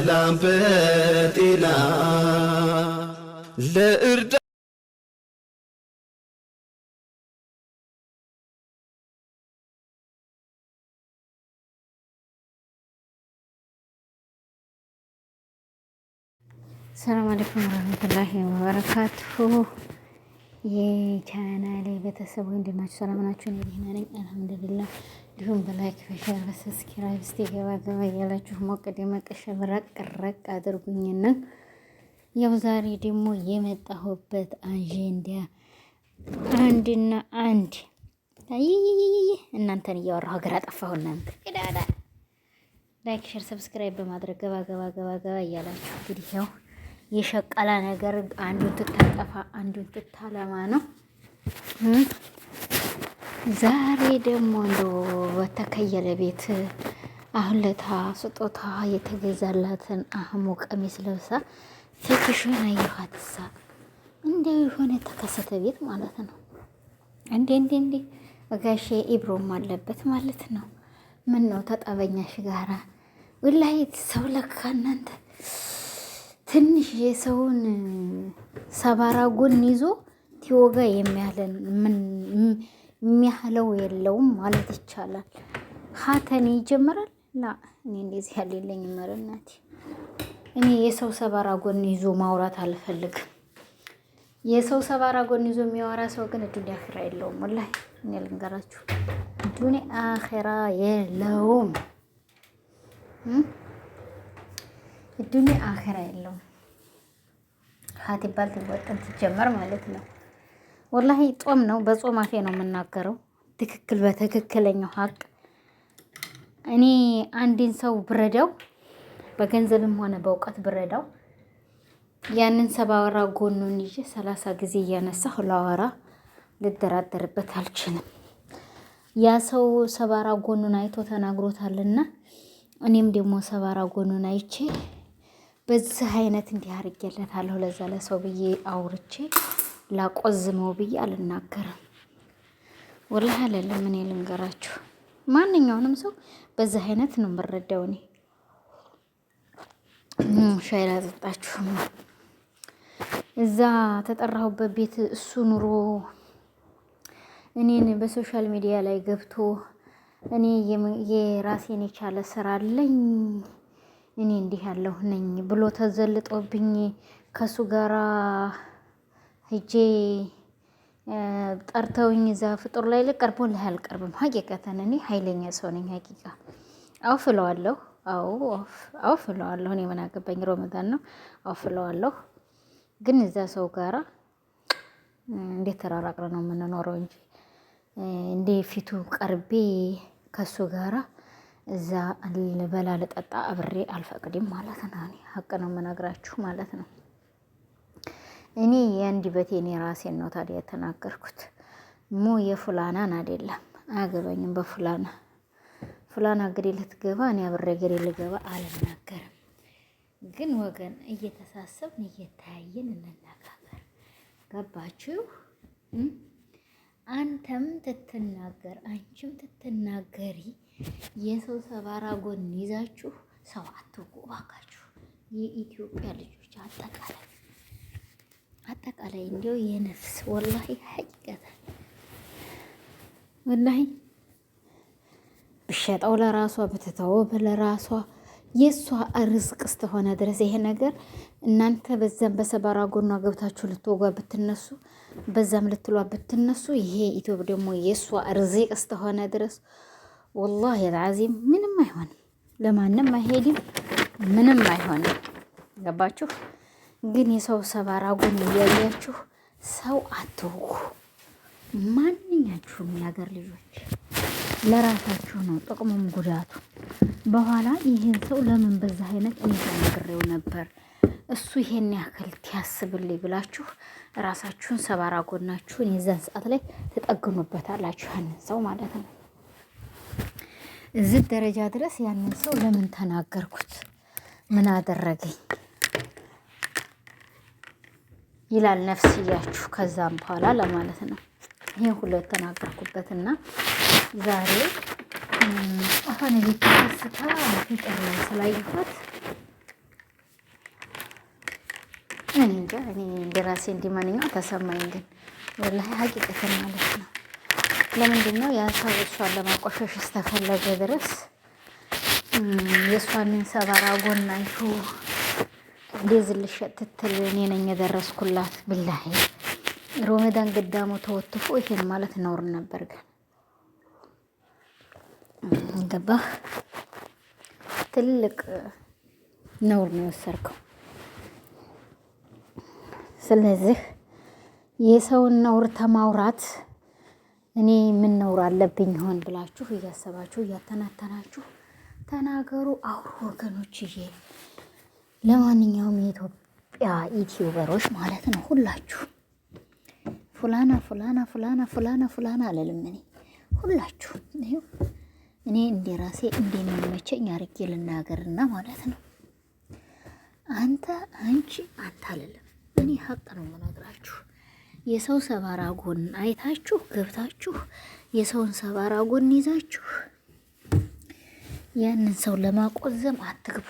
በሰላም በጤና ለእርዳ ሰላም አለይኩም ወራህመቱላሂ ወበረካቱሁ። የቻናሌ ቤተሰብ ወንድማችሁ ሰላም ናችሁ? ደህና ነኝ አልሐምዱሊላህ። እንዲሁም በላይክ በሸር በሰብስክራይብ እስቲ ገባ ገባ እያላችሁ ሞቅ ደመቅ ሸብረቅ ረቅ አድርጉኝና ያው ዛሬ ደግሞ የመጣሁበት አጀንዳ አንድና አንድ እናንተን እያወራሁ ሀገር አጠፋሁ። እናንተ ቅዳዳ ላይክ ሸር ሰብስክራይብ በማድረግ ገባ ገባ ገባ ገባ እያላችሁ እንግዲህ ያው የሸቀላ ነገር አንዱን ትታጠፋ አንዱን ትታለማ ነው። ዛሬ ደግሞ እንዶ በተከየለ ቤት አሁን ለታ ስጦታ የተገዛላትን አህሙ ቀሚስ ለብሳ ፌቲሽን አየኋት። እሳ እንዲያው የሆነ ተከሰተ ቤት ማለት ነው። እንዴ እንዴ እንዴ ጋሼ ኢብሮም አለበት ማለት ነው። ምን ነው ተጠበኛሽ ጋራ ውላይት ሰው ለካ እናንተ ትንሽ የሰውን ሰባራ ጎን ይዞ ቲወጋ የሚያለን የሚያህለው የለውም ማለት ይቻላል። ሀተኔ ይጀምራል ላ እኔ እንደዚህ ያለ የለኝ ኧረ እኔ የሰው ሰባራ ጎን ይዞ ማውራት አልፈልግም። የሰው ሰባራ ጎን ይዞ የሚያወራ ሰው ግን ዱኒያ አኼራ የለውም። ወላሂ እኔ ልንገራችሁ ዱኒያ አኼራ የለውም። ዱኒያ አኼራ የለውም። ሀት ይባል ትወጠን ትጀመር ማለት ነው። ወላሂ ጾም ነው፣ በጾም አፌ ነው የምናገረው። ትክክል በትክክለኛው ሀቅ እኔ አንድን ሰው ብረዳው በገንዘብም ሆነ በእውቀት ብረዳው ያንን ሰባወራ ጎኑን ይዤ ሰላሳ ጊዜ እያነሳሁ ላወራ ልደራደርበት አልችልም። ያ ሰው ሰባራ ጎኑን አይቶ ተናግሮታልና እኔም ደግሞ ሰባራ ጎኑን አይቼ በዚህ አይነት እንዲህ አርጌለታለሁ ለዛ ለሰው ብዬ አውርቼ ላቆዝመው ብዬ አልናገርም። ወላሂ አለልም። እኔ ልንገራችሁ ማንኛውንም ሰው በዚህ አይነት ነው የምረዳው። እኔ ሻይ ላጠጣችሁ እዛ ተጠራሁበት ቤት እሱ ኑሮ እኔን በሶሻል ሚዲያ ላይ ገብቶ እኔ የራሴን የቻለ ስራ አለኝ እኔ እንዲህ ያለሁ ነኝ ብሎ ተዘልጦብኝ ከሱ ጋራ ሂጄ ጠርተውኝ እዛ ፍጡር ላይ ልቀርቦ ልህ አልቀርብም። ሀቂቀተን እኔ ኃይለኛ ሰው ነኝ። ሀቂቃ አውፍ እለዋለሁ። አዎ አውፍ እለዋለሁ። እኔ ምን አገባኝ? ሮመዳን ነው። አውፍ ግን እዛ ሰው ጋራ እንዴት ተራራቅረ ነው የምንኖረው እንጂ እንደ ፊቱ ቀርቤ ከሱ ጋራ እዛ ልበላ ልጠጣ አብሬ አልፈቅድም ማለት ነው። ሀቅ ነው የምነግራችሁ ማለት ነው። እኔ የአንድ በቴን ራሴን ነው ታዲያ የተናገርኩት። ሞ የፉላናን አይደለም አያገባኝም። በፉላና ፉላና ገዴ ልትገባ እኔ አብሬ ገዴ ልገባ አልናገርም። ግን ወገን እየተሳሰብን እየተያየን እንነጋገር። ገባችሁ? አንተም ትትናገር አንቺም ትትናገሪ የሰው ሰባራ ጎን ይዛችሁ ሰው አትወቁ እባካችሁ፣ የኢትዮጵያ ልጆች አጠቃላይ አጠቃላይ እንዲው የነፍስ ወላሂ ሀቂቀት ወላሂ ብሸጠው ለራሷ ብትተው ለራሷ የእሷ ርዝቅ ስተሆነ ድረስ ይሄ ነገር እናንተ በዛም በሰባራ ጎኗ ገብታችሁ ልትወጓ ብትነሱ፣ በዛም ልትሏ ብትነሱ፣ ይሄ ኢትዮብ ደግሞ የእሷ ርዝቅ ስተሆነ ድረስ ወላሂ አልዓዚም ምንም አይሆንም፣ ለማንም አይሄድም፣ ምንም አይሆንም። ገባችሁ? ግን የሰው ሰባራ ጎን እያያችሁ ሰው አትውጉ። ማንኛችሁም የሀገር ልጆች ለራሳችሁ ነው ጥቅሙም ጉዳቱ። በኋላ ይህን ሰው ለምን በዛ አይነት እኔ ነበር እሱ ይሄን ያክል ያስብልኝ ብላችሁ ራሳችሁን ሰባራ ጎናችሁን የዛን ሰዓት ላይ ትጠግኑበታላችሁ። ያንን ሰው ማለት ነው። እዚህ ደረጃ ድረስ ያንን ሰው ለምን ተናገርኩት? ምን አደረገኝ? ይላል ነፍስያችሁ። ከዛም በኋላ ለማለት ነው ይህን ሁሉ የተናገርኩበት እና ዛሬ አሁን ቤት ስታ ፍቅር ላይ ስላየኋት እኔ እንጃ እኔ እንደራሴ እንዲመንኛው ተሰማኝ። ግን ወላሂ ሀቂቀትን ማለት ነው። ለምንድን ነው የሀሳብ እሷን ለማቆሸሽ እስተፈለገ ድረስ የእሷንን ሰባራ ጎናችሁ ልሸጥ ትትል እኔ ነኝ የደረስኩላት። ብላሂ ሮመዳን ግዳሙ ተወትፎ ይሄን ማለት ነውር ነበር። ግን ገባህ ትልቅ ነውር ነው የወሰድከው። ስለዚህ የሰውን ነውር ተማውራት እኔ ምን ነውር አለብኝ ይሆን ብላችሁ እያሰባችሁ እያተናተናችሁ ተናገሩ አውሩ ወገኖችዬ። ለማንኛውም የኢትዮጵያ ኢትዮበሮች ማለት ነው ሁላችሁ ፉላና ፉላና ፉላና ፉላና ፉላና አለልም። እኔ ሁላችሁ ይኸው እኔ እንደ ራሴ እንደሚመቸኝ አርጌ ልናገርና ማለት ነው አንተ አንቺ አንተ አለልም። እኔ ሀቅ ነው የምነግራችሁ። የሰው ሰባራ ጎን አይታችሁ ገብታችሁ የሰውን ሰባራ ጎን ይዛችሁ ያንን ሰው ለማቆዘም አትግቡ።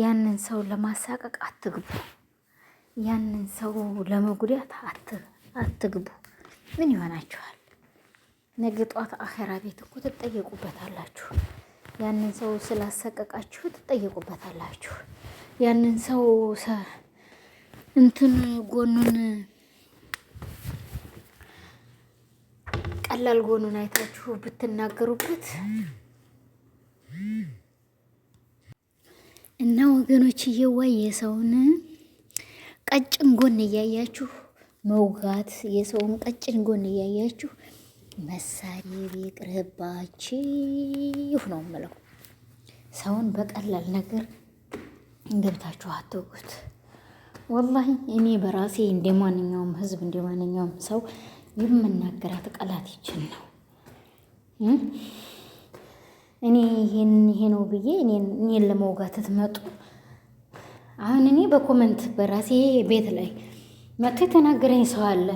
ያንን ሰው ለማሳቀቅ አትግቡ። ያንን ሰው ለመጉዳት አትግቡ። ምን ይሆናችኋል? ነገ ጧት አኸራ ቤት እኮ ትጠየቁበታላችሁ። ያንን ሰው ስላሰቀቃችሁ ትጠየቁበታላችሁ። ያንን ሰው እንትን ጎኑን ቀላል ጎኑን አይታችሁ ብትናገሩበት እና ወገኖች እየዋ የሰውን ቀጭን ጎን እያያችሁ መውጋት የሰውን ቀጭን ጎን እያያችሁ መሳደብ ይቅርባችሁ ነው የምለው። ሰውን በቀላል ነገር ገብታችሁ አትውጉት ወላሂ እኔ በራሴ እንደ ማንኛውም ህዝብ እንደ ማንኛውም ሰው የምናገራት ቃላት ይችን ነው። እኔ ይሄን ይሄ ነው ብዬ እኔን ለመውጋት ትመጡ። አሁን እኔ በኮመንት በራሴ ቤት ላይ መጥቶ የተናገረኝ ሰው አለ።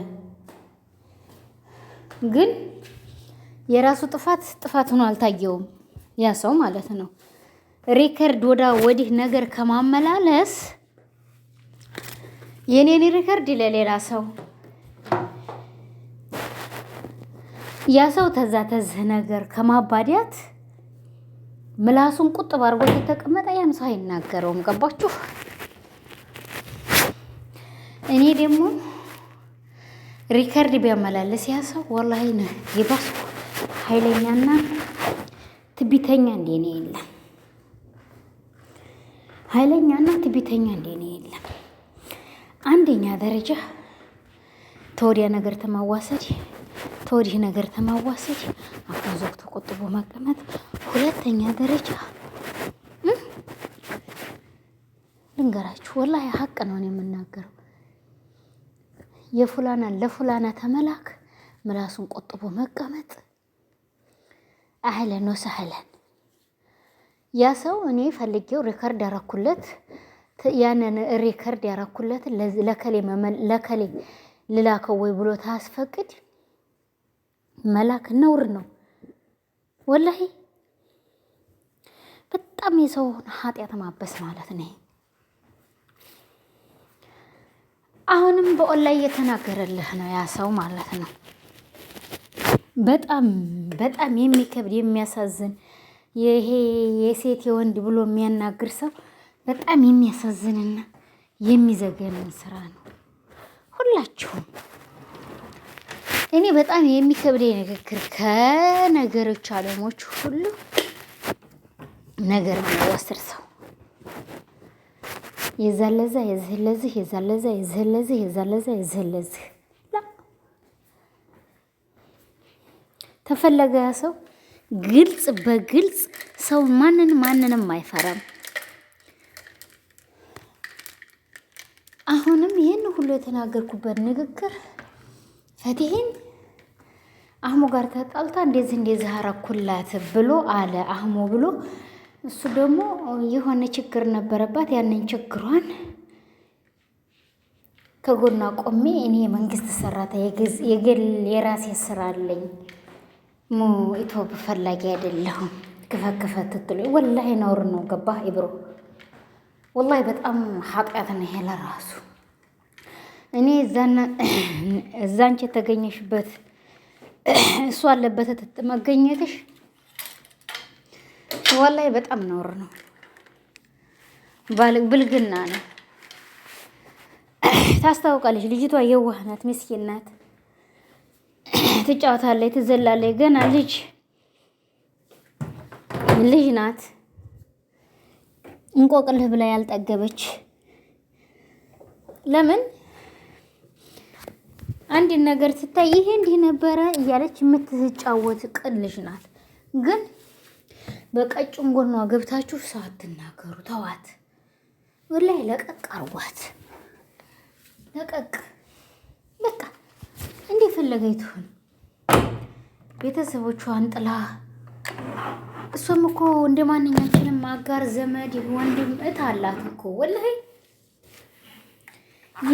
ግን የራሱ ጥፋት ጥፋት ሆኖ አልታየውም። ያ ሰው ማለት ነው ሪከርድ ወዳ ወዲህ ነገር ከማመላለስ የኔን ሪከርድ ለሌላ ሰው ያ ሰው ተዛ ተዝህ ነገር ከማባዲያት ምላሱን ቁጥብ አድርጎ የተቀመጠ ያም ሰው አይናገረውም። ገባችሁ? እኔ ደግሞ ሪከርድ ቢያመላለስ ያ ሰው ወላሂ ነው የባሱ ኃይለኛና ትቢተኛ እንደኔ የለም። ኃይለኛና ትቢተኛ እንደኔ የለም። አንደኛ ደረጃ ተወዲያ ነገር ተማዋሰድ፣ ተወዲህ ነገር ተማዋሰድ፣ አፉን ዘግቶ ቆጥቦ መቀመጥ ሁለተኛ ደረጃ ልንገራችሁ፣ ወላሂ ሀቅ ነው የምናገረው። የፉላና ለፉላና ተመላክ ምላሱን ቆጥቦ መቀመጥ አህለን ወሰህለን። ያ ሰው እኔ ፈልጌው ሪከርድ ያረኩለት ያንን ሪከርድ ያረኩለት ለከሌ ለከሌ ልላከው ወይ ብሎ ታስፈቅድ መላክ ነውር ነው ወላሂ። በጣም የሰውን ኃጢአት ማበስ ማለት ነው። አሁንም በኦንላይን እየተናገረልህ ነው ያ ሰው ማለት ነው። በጣም በጣም የሚከብድ የሚያሳዝን ይሄ የሴት የወንድ ብሎ የሚያናግር ሰው በጣም የሚያሳዝንና የሚዘገንን ስራ ነው። ሁላችሁም እኔ በጣም የሚከብደኝ ንግግር ከነገሮች አለሞች ሁሉ ነገር ነው አስር ሰው የዛን ለዛ የዝህን ለዝህ የዛን ለዛ የዝህን ለዝህ ተፈለገ ያ ሰው ግልጽ በግልጽ ሰው ማንን ማንንም አይፈራም። አሁንም ይህን ሁሉ የተናገርኩበት ንግግር ፈትሄን አህሙ ጋር ተጣልታ እንደዚህ እንደዚህ አረኩላት ብሎ አለ አህሙ ብሎ እሱ ደግሞ የሆነ ችግር ነበረባት። ያንን ችግሯን ከጎኗ ቆሜ እኔ የመንግስት ሰራታ የግል የራሴ ስራ አለኝ ኢትዮፕ ፈላጊ አይደለሁም ክፈት ክፈት ወላሂ ነውር ነው። ገባ ኢብሮ ወላሂ በጣም ኃጢአት ነው ይሄ ለራሱ እኔ እዛንች የተገኘሽበት እሱ አለበት መገኘትሽ ወላሂ በጣም ኖር ነው፣ ብልግና ነው። ታስታውቃለች። ልጅቷ የዋህ ናት፣ ምስኪን ናት። ትጫወታለች፣ ትዘላለች። ገና ልጅ ልጅ ናት። እንቆቅልህ ብላ ያልጠገበች ለምን አንድን ነገር ስታይ ይሄ እንዲህ ነበረ እያለች የምትጫወት ቅን ልጅ ናት ግን በቀጭን ጎኗ ገብታችሁ ሳትናገሩ ተዋት። ወላሂ ለቀቅ አርጓት፣ ለቀቅ በቃ እንዴ ፈለገኝ ትሁን። ቤተሰቦቿን ጥላ እሷም እኮ እንደ ማንኛችንም አጋር ዘመድ ወንድም እህት አላት እኮ ወላሂ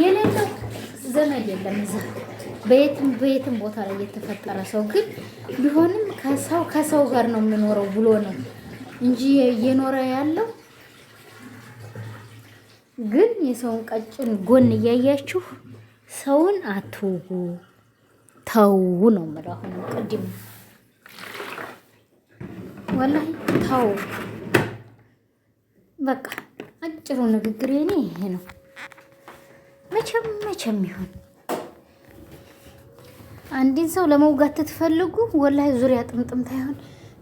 የሌለው ዘመድ የለም እዛ በየትም በየትም ቦታ ላይ የተፈጠረ ሰው ግን ቢሆንም ከሰው ከሰው ጋር ነው የምኖረው ብሎ ነው እንጂ እየኖረ ያለው ግን የሰውን ቀጭን ጎን እያያችሁ ሰውን አትውጉ፣ ተው ነው የምለው። አሁን ቅድም ወላሂ ተው በቃ አጭሩ ንግግር የኔ ይሄ ነው። መቼም መቼም ይሆን አንድን ሰው ለመውጋት ትፈልጉ፣ ወላሂ ዙሪያ ጥምጥም ታይሆን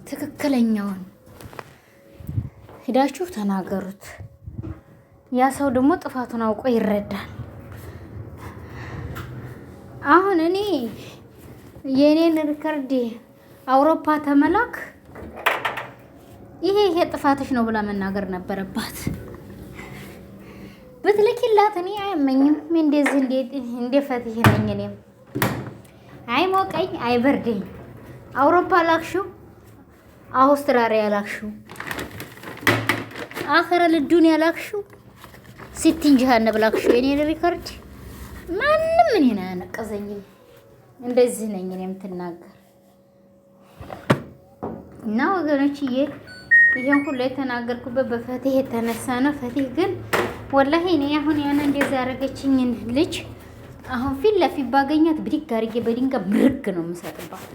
ትክክለኛውን ሂዳችሁ ተናገሩት። ያ ሰው ደግሞ ጥፋቱን አውቆ ይረዳል። አሁን እኔ የእኔን ሪከርድ አውሮፓ ተመላክ ይሄ ይሄ ጥፋትሽ ነው ብላ መናገር ነበረባት። ብትልኪላት እኔ አያመኝም። እንደዚህ እንደ ፈትህ ነኝ እኔም አይሞቀኝ አይበርደኝ። አውሮፓ ላክሹ፣ አውስትራሊያ ላክሹ፣ አኸረ ልዱንያ ላክሹ፣ ሲቲን ጀሃነብ ላክሹ። የኔ ሪከርድ ማንም እኔን አያነቀዘኝም። እንደዚህ ነኝ እኔ የምትናገር እና ወገኖችዬ ይሄን ሁሉ የተናገርኩበት በፈትህ የተነሳ ነው። ፈትህ ግን ወላሂ እኔ አሁን ያን እንደዛ ያደረገችኝን ልጅ አሁን ፊት ለፊት ባገኛት ብድግ አድርጌ በድንጋይ ምርግ ነው የምሰጥባት።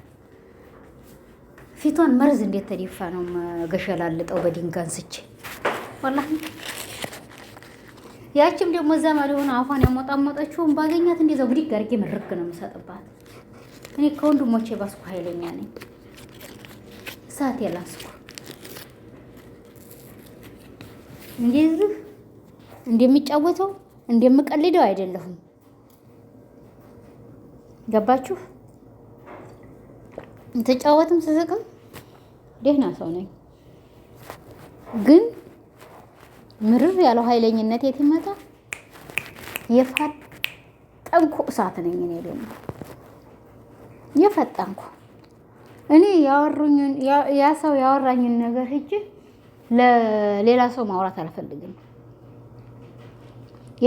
ፊቷን መርዝ እንዴት ተደፋ ነው ገሸላልጠው በድንጋይ አንስቼ ወላሂ። ያችም ደግሞ እዛ ማለሆነ አፏን ያሞጣሞጠችውን ባገኛት እንደዛው ብድግ አድርጌ ምርግ ነው የምሰጥባት። እኔ ከወንድሞቼ ባስኩ ኃይለኛ ነኝ፣ እሳት የላስኩ እንደዚህ እንደሚጫወተው እንደምቀልደው አይደለሁም። ገባችሁ? ተጫወትም ስስቅም ደህና ሰው ነኝ። ግን ምርር ያለው ኃይለኝነት የት ይመጣ? የፈጠንኩ እሳት ነኝ እኔ ደግሞ የፈጠንኩ እኔ ያወሩኝን ያ ሰው ያወራኝን ነገር ሂጅ ለሌላ ሰው ማውራት አልፈልግም።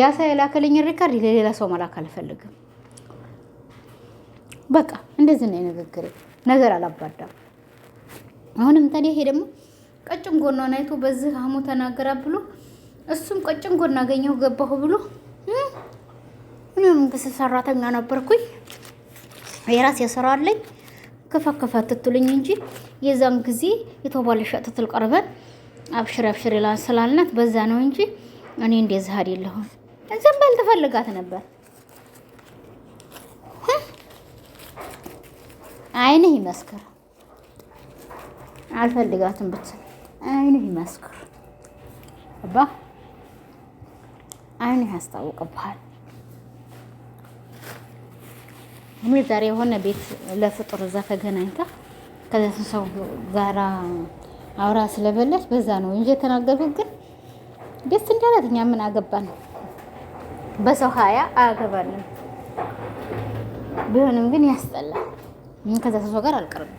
ያ ሰው የላከልኝን ሪካርድ ለሌላ ሰው መላክ አልፈልግም። በቃ እንደዚህ ነው የንግግሬ። ነገር አላባዳም። አሁንም ታዲያ ይሄ ደግሞ ቀጭን ጎኗን አይቶ በዚህ አህሙ ተናገራ ብሎ እሱም ቀጭን ጎን አገኘሁ ገባሁ ብሎ እኔም ብስ ሰራተኛ ነበርኩኝ የራስ ስራ አለኝ ክፈት ክፈት ትትሉኝ እንጂ የዛን ጊዜ የተባለሸ ትትል ቀርበን አብሽር አብሽር ይላል ስላልናት በዛ ነው እንጂ እኔ እንደዚህ አይደለሁም። ዝም በል ትፈልጋት ነበር። አይንህ ይመስክር። አልፈልጋትም ብትል አይንህ ይመስክር። አባ አይንህ ያስታውቅብሃል። እኔ ዛሬ የሆነ ቤት ለፍጡር እዛ ተገናኝታ ከዚያ ሰው ጋራ አውራ ስለበለች በዛ ነው እንጂ የተናገርኩት ግን ደስ እንዳላት እኛ ምን አገባን? በሰው ሀያ አያገባንም። ቢሆንም ግን ያስጠላል። ከዛ ሰው ጋር አልቀርም፣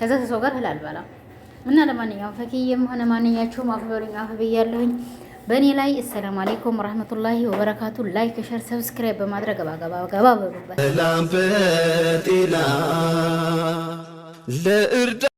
ከዛ ሰው ጋር እህል አልበላም። እና ለማንኛውም ፈኪዬም ሆነ ማንኛችሁም አፍ በሉኝ፣ አፍ ብያለሁኝ በእኔ ላይ። አሰላሙ አሌይኩም ወረህመቱላሂ ወበረካቱ። ላይክ፣ ሸር፣ ሰብስክራይብ በማድረግ ገባገባ ገባ በሉበት።